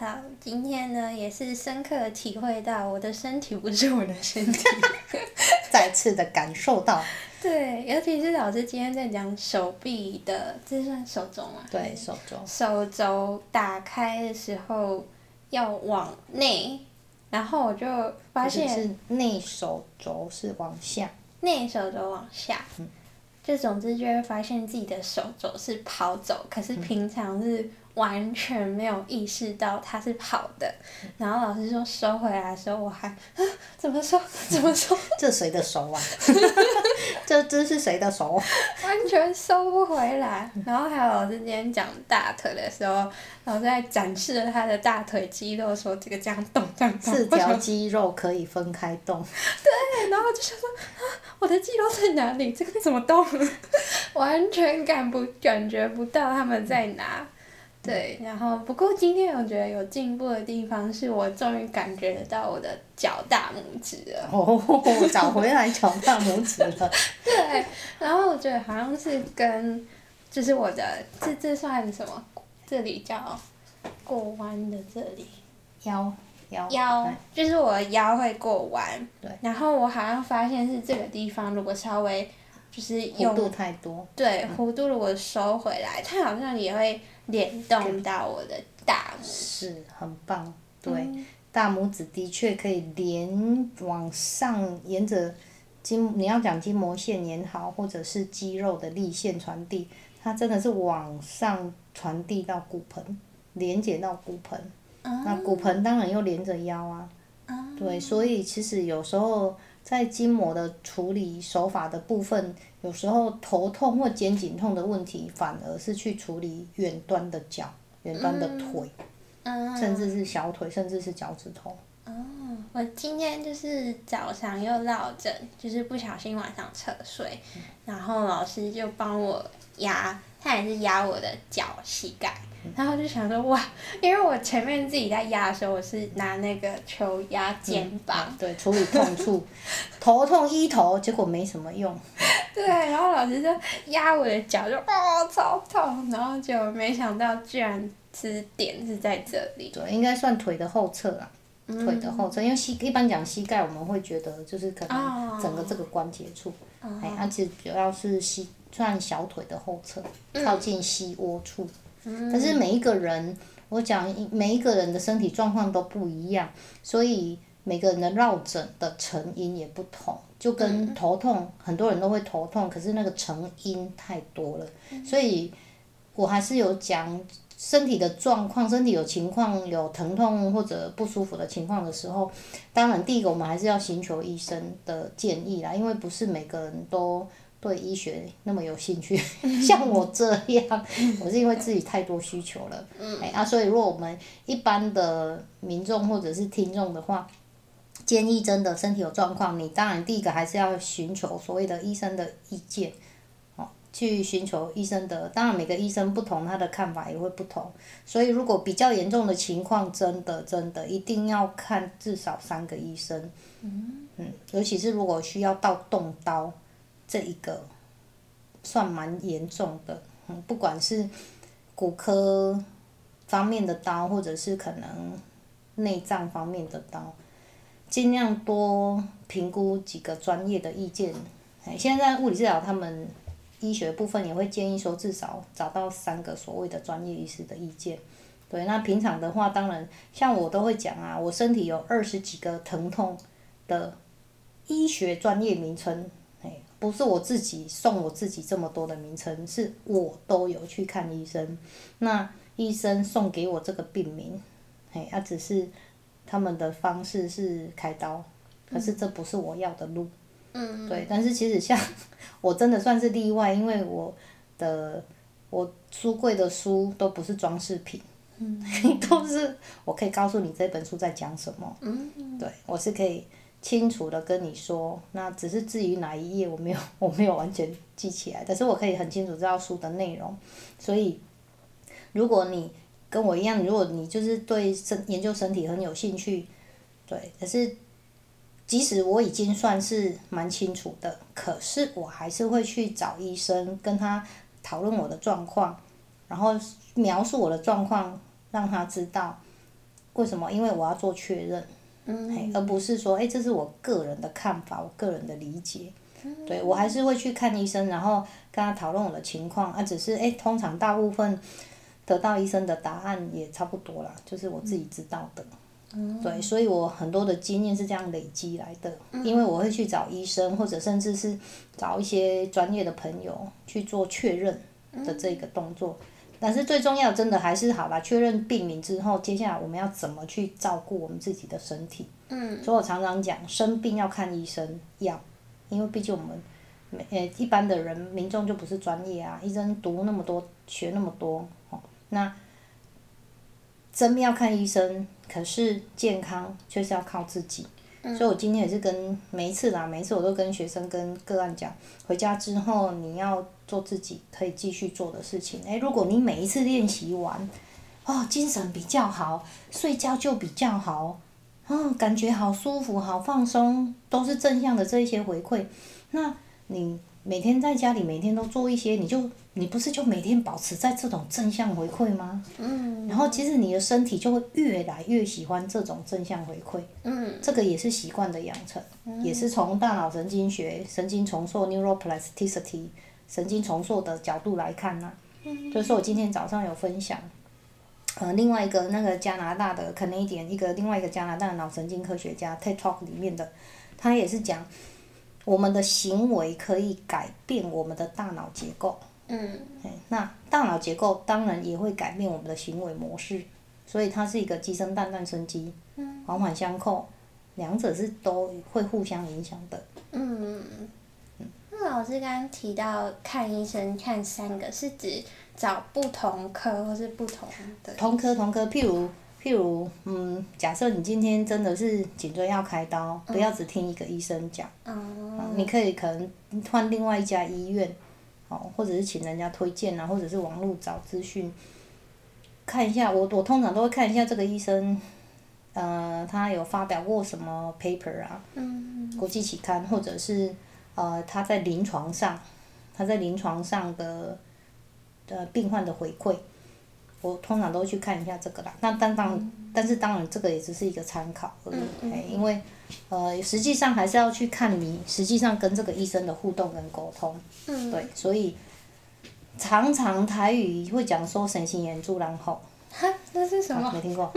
好，今天呢也是深刻的體會到我的身體不是我的身體， 再次的感受到。對，尤其是老師今天在講手臂的，這是算手肘嗎？對手肘。手肘打開的時候要往內、嗯，然後我就發現是內手肘是往下，內手肘往下，嗯，就總之就會發現自己的手肘是跑走，可是平常是、嗯。完全沒有意識到他是跑的，然後老師說收回來的時候，我還，怎麼收怎麼收？ 這誰的手啊？ 這這是誰的手？完全收不回來。然後還有老師今天講大腿的時候，老師在展示了他的大腿肌肉，說這個這樣動這樣動， 四條肌肉可以分開動。對，然後我就想說啊，我的肌肉在哪裡？這個怎麼動？ 完全感不感覺不到他們在哪？嗯對，然後不過今天我覺得有進步的地方是我終於感覺得到我的腳大拇指了。哦，找回來 腳大拇指了。對，然後我覺得好像是跟，就是我的這這算什麼？這裡叫過彎的這裡。腰腰。腰。就是我的腰會過彎。對。然後我好像發現是這個地方，如果稍微就是用。弧度太多。對，弧度如果收回來，它好像也會。聯動到我的大是很棒。對，嗯、大拇指的確可以連往上沿着筋，你要講筋膜線也好，或者是肌肉的力線傳遞，它真的是往上傳遞到骨盆，連接到骨盆，嗯。那骨盆當然又連着腰啊，嗯。對，所以其實有時候。在筋膜的處理手法的部分，有時候頭痛或肩頸痛的問題，反而是去處理遠端的腳、遠端的腿、嗯嗯，甚至是小腿，甚至是腳趾頭。哦，我今天就是早上又落枕，就是不小心晚上側睡、嗯，然後老師就幫我壓，他也是壓我的腳膝蓋。然後就想說哇，因為我前面自己在壓的時候，我是拿那個球壓肩膀、嗯，對，處理痛處， 頭痛醫頭，結果沒什麼用。對，然後老師就壓我的腳就哦、啊，超痛，然後就沒想到，居然支點是在這裡。對，應該算腿的後側啦、嗯，腿的後側，因為膝一般講膝蓋，我們會覺得就是可能整個這個關節處，哎、哦，它、欸啊、其實主要是膝轉小腿的後側，靠近膝窩處。嗯但是每一個人，我講每一個人的身體狀況都不一樣，所以每個人的落枕的成因也不同。就跟頭痛，很多人都會頭痛，可是那個成因太多了，所以我還是有講身體的狀況，身體有情況、有疼痛或者不舒服的情況的時候，當然第一個我們還是要尋求醫生的建議啦，因為不是每個人都對醫學那麼有興趣，像我這樣，我是因為自己太多需求了。嗯、哎。啊，所以如果我們一般的民眾或者是聽眾的話，建議真的身體有狀況，你當然第一個還是要尋求所謂的醫生的意見，哦，去尋求醫生的。當然每個醫生不同，他的看法也會不同。所以如果比較嚴重的情況，真的真的一定要看至少三個醫生。嗯。嗯，尤其是如果需要到動刀。這一個算蠻嚴重的，不管是骨科方面的刀，或者是可能內臟方面的刀，盡量多評估幾個專業的意見。哎，現在物理治療他們醫學部分也會建議說，至少找到三個所謂的專業醫師的意見。對，那平常的話，當然像我都會講啊，我身體有二十幾個疼痛的醫學專業名稱。不是我自己送我自己這麼多的名稱，是我都有去看醫生，那醫生送給我這個病名，嘿，那、啊、只是他們的方式是開刀，可是這不是我要的路，嗯，對，但是其實像我真的算是例外，因為我的我書櫃的書都不是裝飾品，嗯， 都是我可以告訴你這本書在講什麼，嗯，嗯，對，我是可以。清楚的跟你說，那只是至於哪一頁我沒有我沒有完全記起來，但是我可以很清楚知道書的內容，所以如果你跟我一樣，如果你就是對身研究身體很有興趣。對，可是即使我已經算是蠻清楚的，可是我還是會去找醫生跟他討論我的狀況，然後描述我的狀況，讓他知道為什麼，因為我要做確認。嗯嗯而不是說，誒、欸，這是我個人的看法，我個人的理解。嗯嗯對，我還是會去看醫生，然後跟他討論我的情況。啊，只是誒、欸，通常大部分得到醫生的答案也差不多啦，就是我自己知道的。嗯嗯對，所以我很多的經驗是這樣累積來的嗯嗯，因為我會去找醫生，或者甚至是找一些專業的朋友去做確認的這個動作。嗯嗯但是最重要的真的還是好吧，確認病名之後，接下來我們要怎麼去照顧我們自己的身體？嗯，所以我常常講，生病要看醫生，要，因為畢竟我們每、欸、一般的人民眾就不是專業啊，醫生讀那麼多，學那麼多，哦，那真要看醫生，可是健康就是要靠自己。所以，我今天也是跟每一次啦，每一次我都跟學生跟個案講，回家之後你要做自己可以繼續做的事情。誒、欸，如果你每一次練習完，哦，精神比較好，睡覺就比較好，哦，感覺好舒服好、好放鬆，都是正向的這一些回饋。那你。每天在家裡，每天都做一些，你就你不是就每天保持在這種正向回饋嗎？嗯。然後，其實你的身體就會越來越喜歡這種正向回饋。嗯。這個也是習慣的養成、嗯，也是從大腦神經學、神經重塑 （neuroplasticity） 神經重塑的角度來看呢、啊嗯。就是我今天早上有分享，呃，另外一個那個加拿大的，Canadian，一個另外一個加拿大的腦神經科學家 TED Talk 裡面的，他也是講。我們的行為可以改變我們的大腦結構，嗯，那大腦結構當然也會改變我們的行為模式，所以它是一個雞生蛋蛋生雞，嗯，環環相扣，兩者是都會互相影響的，嗯嗯嗯。那老師剛剛提到看醫生看三個，是指找不同科或是不同的？同科同科，譬如譬如，嗯，假設你今天真的是頸椎要開刀，嗯、不要只聽一個醫生講，嗯。嗯你可以可能換另外一家醫院，哦，或者是請人家推薦啊，或者是網絡找資訊，看一下。我我通常都會看一下這個醫生，呃，他有發表過什麼 paper 啊？嗯。國際期刊或者是呃，他在臨床上，他在臨床上的的病患的回饋。我通常都會去看一下這個啦，那但當、嗯、但是當然這個也只是一個參考而已，嗯欸嗯，因為，呃，實際上還是要去看你實際上跟這個醫生的互動跟溝通，嗯，對，所以常常台語會講說“先生緣、主人福”，哈，那是什麼、啊？沒聽過，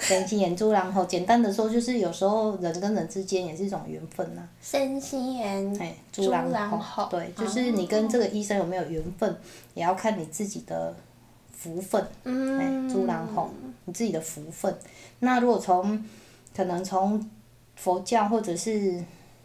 先生緣、主人福， 簡單的說就是有時候人跟人之間也是一種緣分吶、啊。先生緣。哎。豬狼狼狼、主人福。對、啊，就是你跟這個醫生有沒有緣分嗯嗯，也要看你自己的。福分，哎、嗯，朱蘭紅，你自己的福分。那如果從可能從佛教或者是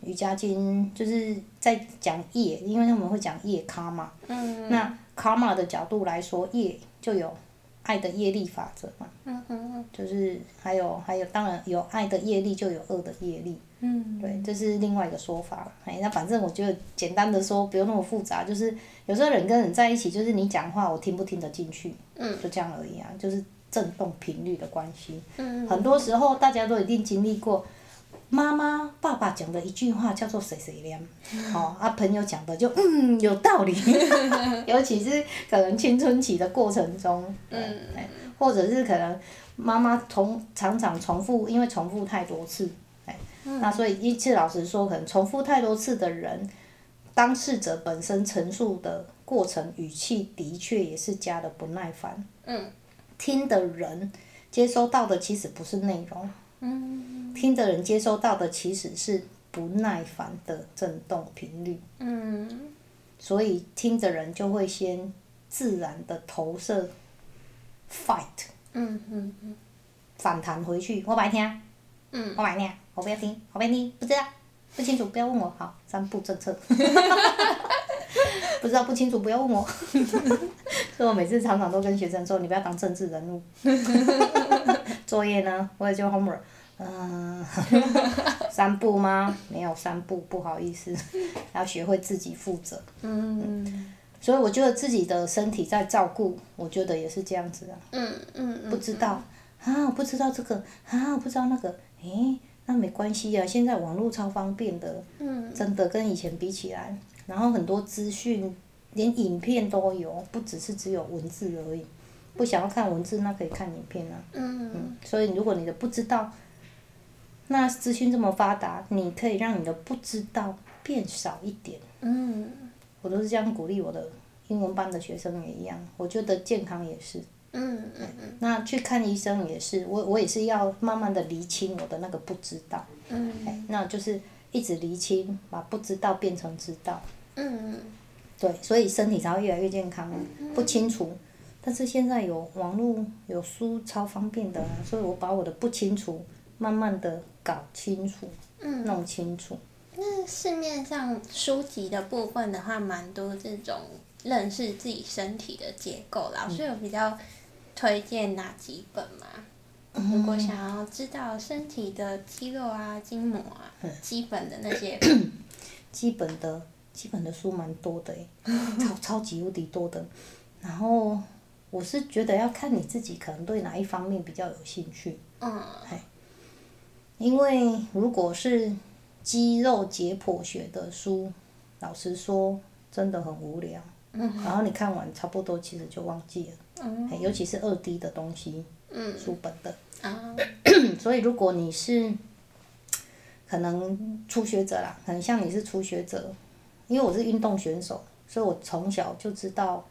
瑜伽經，就是在講業，因為他們會講業咖嘛。嗯。那卡瑪的角度來說，業就有愛的業力法則嘛。嗯嗯，嗯。就是還有還有，當然有愛的業力就有惡的業力。嗯，嗯。對，這是另外一個說法了。哎，那反正我就簡單的說，不用那麼複雜，就是有時候人跟人在一起，就是你講話我聽不聽得進去。就這樣而已啊，就是振動頻率的關係。嗯，很多時候大家都一定經歷過，媽媽、爸爸講的一句話叫做「碎碎念」哦，啊，朋友講的就嗯有道理。 尤其是可能青春期的過程中，嗯，對對或者是可能媽媽重常常重複，因為重複太多次，哎、嗯，那所以一切老實說，可能重複太多次的人，當事者本身陳述的。過程語氣的確也是加了不耐煩。嗯，聽的人接收到的其實不是內容。嗯，聽的人接收到的其實是不耐煩的震動頻率。嗯，所以聽的人就會先自然的投射，fight 嗯。嗯，嗯反彈回去，我不聽。嗯。我不聽，我不要聽，我不要聽，不知道，不清楚，不要問我。好，三不政策。 不知道，不清楚，不要問我， 所以我每次常常都跟學生說，你不要當政治人物。 作業呢，我也就 homework。嗯、呃，三 步嗎？沒有三步，不好意思， 要學會自己負責嗯。嗯，所以我覺得自己的身體在照顧，我覺得也是這樣子啊。嗯嗯，嗯不知道啊，我不知道這個啊，我不知道那個，誒、欸，那沒關係啊，現在網絡超方便的。真的跟以前比起來。然後很多資訊，連影片都有，不只是只有文字而已。不想要看文字，那可以看影片啊嗯。嗯。所以如果你的不知道，那資訊這麼發達，你可以讓你的不知道變少一點。嗯。我都是這樣鼓勵我的英文班的學生也一樣，我覺得健康也是。嗯嗯嗯。那去看醫生也是，我我也是要慢慢的理清我的那個不知道。嗯。欸，那就是。一直釐清，把不知道變成知道。嗯，對，所以身體才會越來越健康。不清楚，嗯、但是現在有網絡有書超方便的。啊，所以我把我的不清楚慢慢的搞清楚，嗯、弄清楚。那市面上書籍的部分的話，蠻多這種認識自己身體的結構啦，嗯、老師有比較推薦哪幾本嗎？如果想要知道身體的肌肉啊、筋膜啊、嗯、基本的那些 ，基本的、基本的書蠻多的、欸， 超超級無敵多的。然後我是覺得要看你自己可能對哪一方面比較有興趣。嗯。哎，因為如果是肌肉解剖學的書，老實說真的很無聊。嗯。然後你看完差不多，其實就忘記了。嗯。哎，尤其是二 D 的東西，嗯，書本的。 所以，如果你是可能初學者啦，很像你是初學者，因為我是運動選手，所以我從小就知道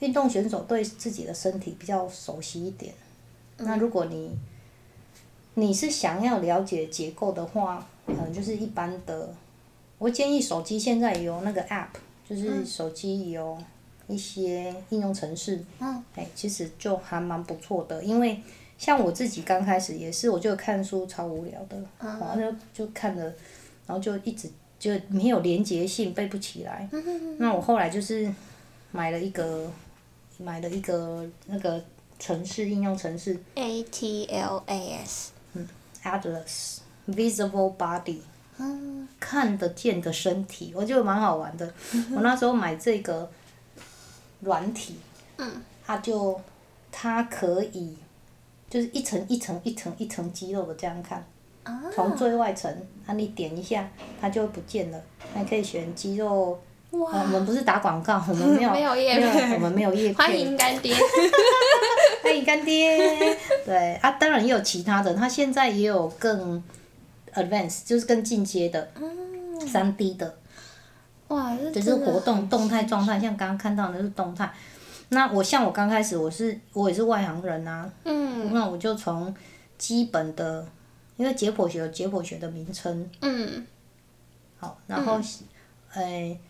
運動選手對自己的身體比較熟悉一點。嗯、那如果你你是想要了解結構的話，可能就是一般的，我建議手機現在有那個 App，就是手機有一些應用程式，嗯，哎、欸，其實就還蠻不錯的，因為。像我自己剛開始也是，我就看書超無聊的，uh -huh. 然後就就看了，然後就一直就沒有連結性背不起來。Uh -huh. 那我後來就是買了一個，買了一個那個程式應用程式。A T L A S 嗯。嗯，Atlas Visible Body、uh。-huh. 看得見的身體，我覺得蠻好玩的。 我那時候買這個軟體，嗯、uh -huh.，它就它可以。就是一層一層一層一層肌肉的這樣看，從、oh. 最外層，那、啊、你點一下，它就會不見了。還可以選肌肉，wow. 啊、我們不是打廣告，我們沒有， 沒有業配 沒有，我們沒有業配，歡迎乾爹，歡迎乾爹， 爹，對啊，當然也有其他的，它現在也有更 advanced，就是更進階的，的，嗯，三 D 的，哇，這是就是活動動態狀態，像剛剛看到的是動態。那我像我剛開始我是我也是外行人啊，嗯，那我就從基本的，因為解剖學有解剖學的名稱，嗯，好，然後，哎、嗯欸，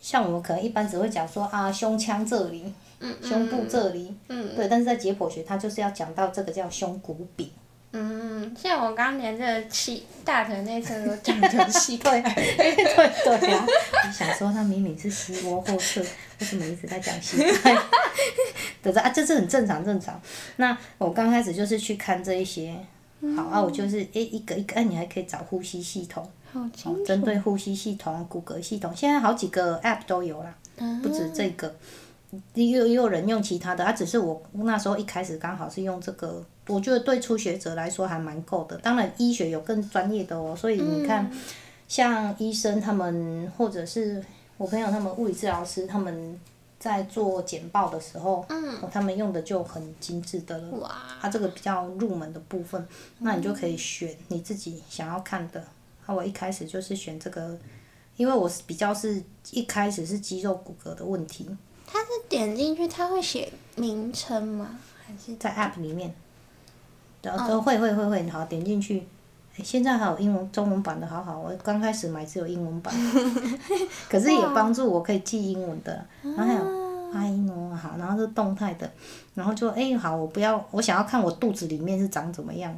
像我們可能一般只會講說啊胸腔這裡，胸部這裡，嗯，嗯，對，但是在解剖學它就是要講到這個叫胸骨柄。嗯，像我剛連這個氣大腿內側都講成膝蓋。 對對你對、啊、 想說它他明明是膝窩後側，為什麼一直在講膝蓋？等 這是很正常正常。那我剛開始就是去看這一些，嗯、好啊，我就是一一個一個，啊、你還可以找呼吸系統，好，針對呼吸系統、骨骼系統，現在好幾個 App 都有啦，不止這個。啊又又有人用其他的，啊，只是我那時候一開始剛好是用這個，我覺得對初學者來說還蠻夠的。當然，醫學有更專業的哦、喔，所以你看，嗯，像醫生他們，或者是我朋友他們物理治療師他們在做簡報的時候，嗯，他們用的就很精緻的了。哇，他，啊，這個比較入門的部分，那你就可以選你自己想要看的。那、嗯、我一開始就是選這個，因為我是比較是一開始是肌肉骨骼的問題。它是點進去，它會寫名稱嗎？還是在 App 裡面？然後都,都會會會會好，點進去、欸。現在還有英文、中文版的，好好。我剛開始買只有英文版， 可是也幫助我可以記英文的。哦、然後還有阿伊、嗯、好。然後是動態的。然後就哎、欸、好，我不要，我想要看我肚子裡面是長怎麼樣，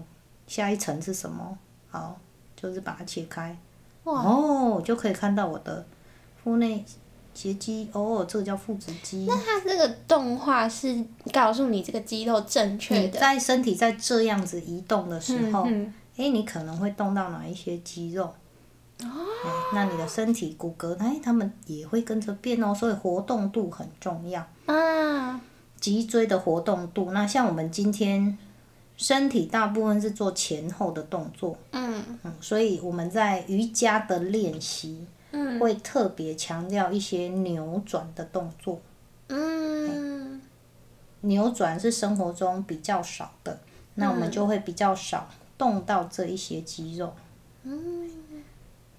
下一層是什麼？好，就是把它切開，哇哦，就可以看到我的腹內。斜肌，哦，這個叫腹直肌。那它這個動畫是告訴你這個肌肉正確的、嗯。在身體在這樣子移動的時候，哎、嗯嗯欸，你可能會動到哪一些肌肉？哦。欸、那你的身體骨骼，哎、欸，他們也會跟着變哦、喔。所以活動度很重要、啊。脊椎的活動度，那像我們今天身體大部分是做前後的動作。嗯嗯。所以我們在瑜伽的練習。嗯、會特別強調一些扭轉的動作，嗯、扭轉是生活中比較少的、嗯，那我們就會比較少動到這一些肌肉，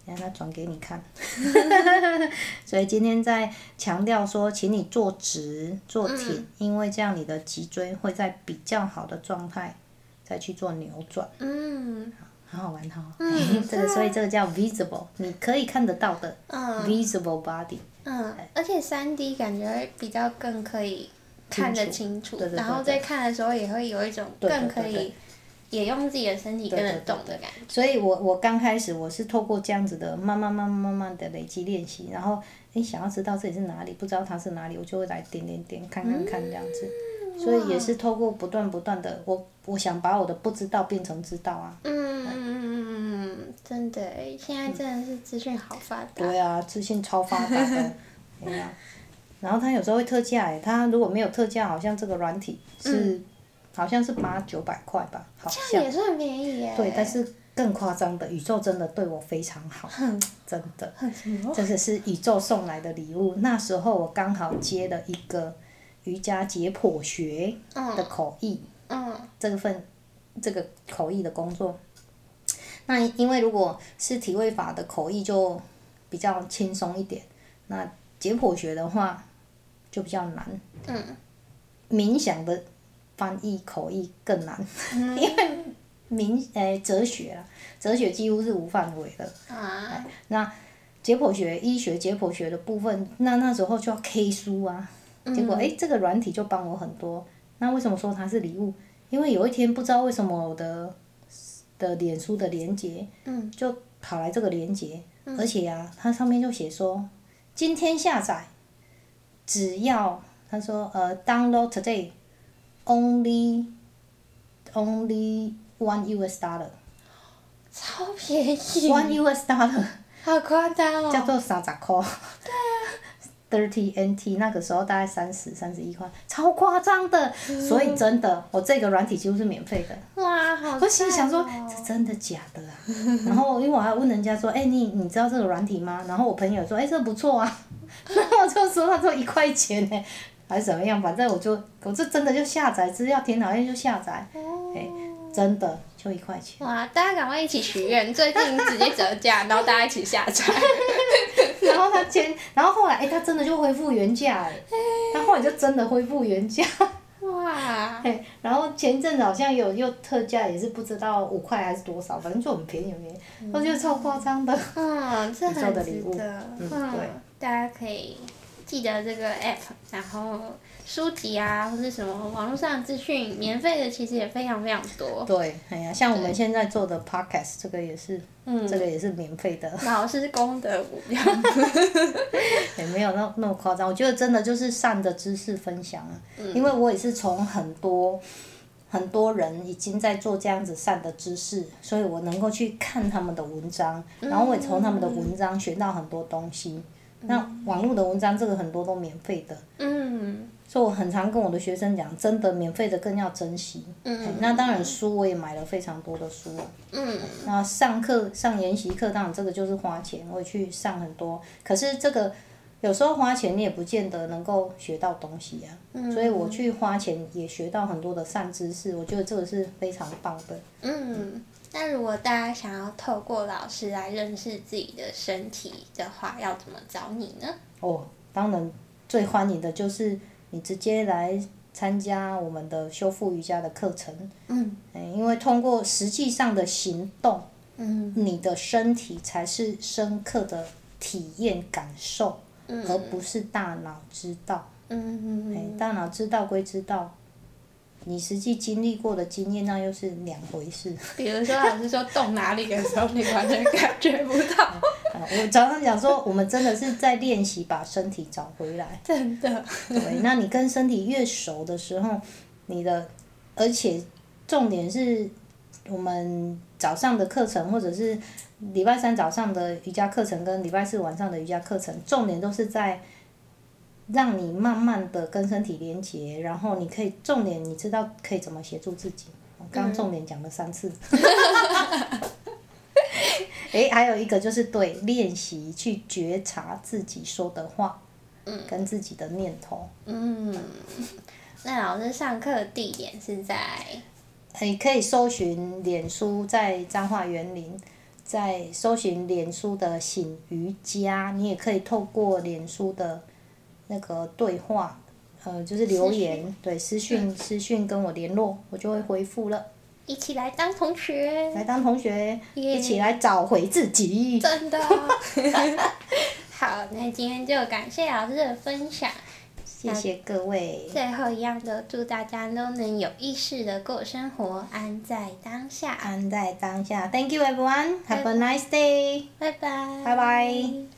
讓它他轉給你看，嗯、 所以今天在強調說，請你坐直坐挺、嗯，因為這樣你的脊椎會在比較好的狀態，再去做扭轉，嗯很好，好玩哈，嗯、 這個所以這個叫 visible，、嗯、你可以看得到的，visible body。嗯，body, 嗯，而且三 D 感覺比較更可以看得清楚，清楚對對對對，然後在看的時候也會有一種更可以也用自己的身體跟着動的感覺。對對對對對對對，所以我我剛開始我是透過這樣子的，慢慢慢慢慢慢的累積練習，然後你、欸、想要知道這裡是哪裡，不知道它是哪裡，我就會來點點點看看、嗯、看這樣子。所以也是透過不斷不斷的，我我想把我的不知道變成知道啊。嗯嗯嗯嗯嗯，真的，欸，現在真的是資訊好發達、嗯。對啊，資訊超發達的，對 呀，然後它有時候會特價哎、欸，它如果沒有特價，好像這個軟體是、嗯、好像是八九百塊吧，好像也是很便宜哎、欸。對，但是更誇張的，宇宙真的對我非常好， 真的，真的是宇宙送來的禮物。那時候我剛好接了一個。瑜伽解剖學的口譯、嗯嗯，這個份這個口譯的工作，那因為如果是體位法的口譯就比較輕鬆一點，那解剖學的話就比較難。嗯，冥想的翻譯口譯更難，嗯、因為冥誒哲學啊，哲學幾乎是無範圍的。啊，嗯、那解剖學醫學解剖學的部分，那那時候就要 K 書啊。結果哎、欸，這個軟體就幫我很多。那為什麼說它是禮物？因為有一天不知道為什麼我的的臉書的連接，就跑來這個連接、嗯，而且啊，它上面就寫說今天下載，只要他說呃，download today only only one US dollar，超便宜，one US dollar，好誇張哦， 叫做三十塊。Thirty NT，那個時候大概三十、三十一塊，超誇張的、嗯。所以真的，我這個軟體幾乎是免費的。哇，好哦、我心裡想說，這真的假的啦、啊？ 然後因為我還問人家說，哎、欸，你你知道這個軟體嗎？然後我朋友說，哎、欸，這不錯啊。 然後我就說他說一塊錢呢、欸，還是怎麼樣？反正我就，我這真的就下載，資要填好聽就下載。哎、嗯欸，真的。就一塊錢哇！大家趕快一起許願，最近直接折價， 然後大家一起下載， 然後他前，然後後來，誒、欸，他真的就恢復原價哎、欸，他後來就真的恢復原價哇 ！然後前一陣子好像有又特價，也是不知道五塊還是多少，反正就很便宜，很便宜，我覺得超誇張的。嗯，這很值得。 嗯，對。大家可以記得這個 App，然後。書籍啊，或者什麼網絡上的資訊，免費的其實也非常非常多。對，哎呀，像我們現在做的 podcast，這個也是、嗯，這個也是免費的。老師功德無量，也、嗯 欸、沒有那麼那麼誇張。我覺得真的就是善的知識分享啊。嗯、因為我也是從很多很多人已經在做這樣子善的知識，所以我能夠去看他們的文章，然後我也從他們的文章學到很多東西。嗯、那網絡的文章，這個很多都免費的。嗯。所以我很常跟我的學生講，真的，免費的更要珍惜。嗯。那當然，書我也買了非常多的書。嗯。那上課上研習課，當然這個就是花錢，我也去上很多。可是這個有時候花錢你也不見得能夠學到東西呀、啊。嗯。所以我去花錢也學到很多的善知識，我覺得這個是非常棒的。嗯，那、嗯、如果大家想要透過老師來認識自己的身體的話，要怎麼找你呢？哦，當然最歡迎的就是。你直接來參加我們的修復瑜伽的課程，嗯，因為通過實際上的行動，嗯，你的身體才是深刻的體驗感受，嗯，而不是大腦知道，嗯嗯，嗯，欸，大腦知道歸知道，你實際經歷過的經驗，那又是兩回事。比如說，老師說 動哪裡的時候， 你完全感覺不到。 我早上講說，我們真的是在練習把身體找回來。真的。 對，那你跟身體越熟的時候，你的，而且重點是，我們早上的課程或者是禮拜三早上的瑜伽課程跟禮拜四晚上的瑜伽課程，重點都是在讓你慢慢的跟身體連結，然後你可以重點你知道可以怎麼協助自己。我剛剛重點講了三次。 誒、欸，還有一個就是對練習去覺察自己說的話，嗯，跟自己的念頭，嗯。那老師上課地點是在，你、欸、可以搜尋臉書在彰化園林，在搜尋臉書的醒瑜珈，你也可以透過臉書的，那個對話，呃，就是留言，私訊，對私訊、私訊跟我聯絡，我就會回復了。一起來當同學，來當同學，yeah、一起來找回自己。真的， 好，那今天就感謝老師的分享，謝謝各位。最後一樣的，都祝大家都能有意識的過生活，安在當下，安在當下。Thank you, everyone. Have a nice day. 拜拜，拜拜。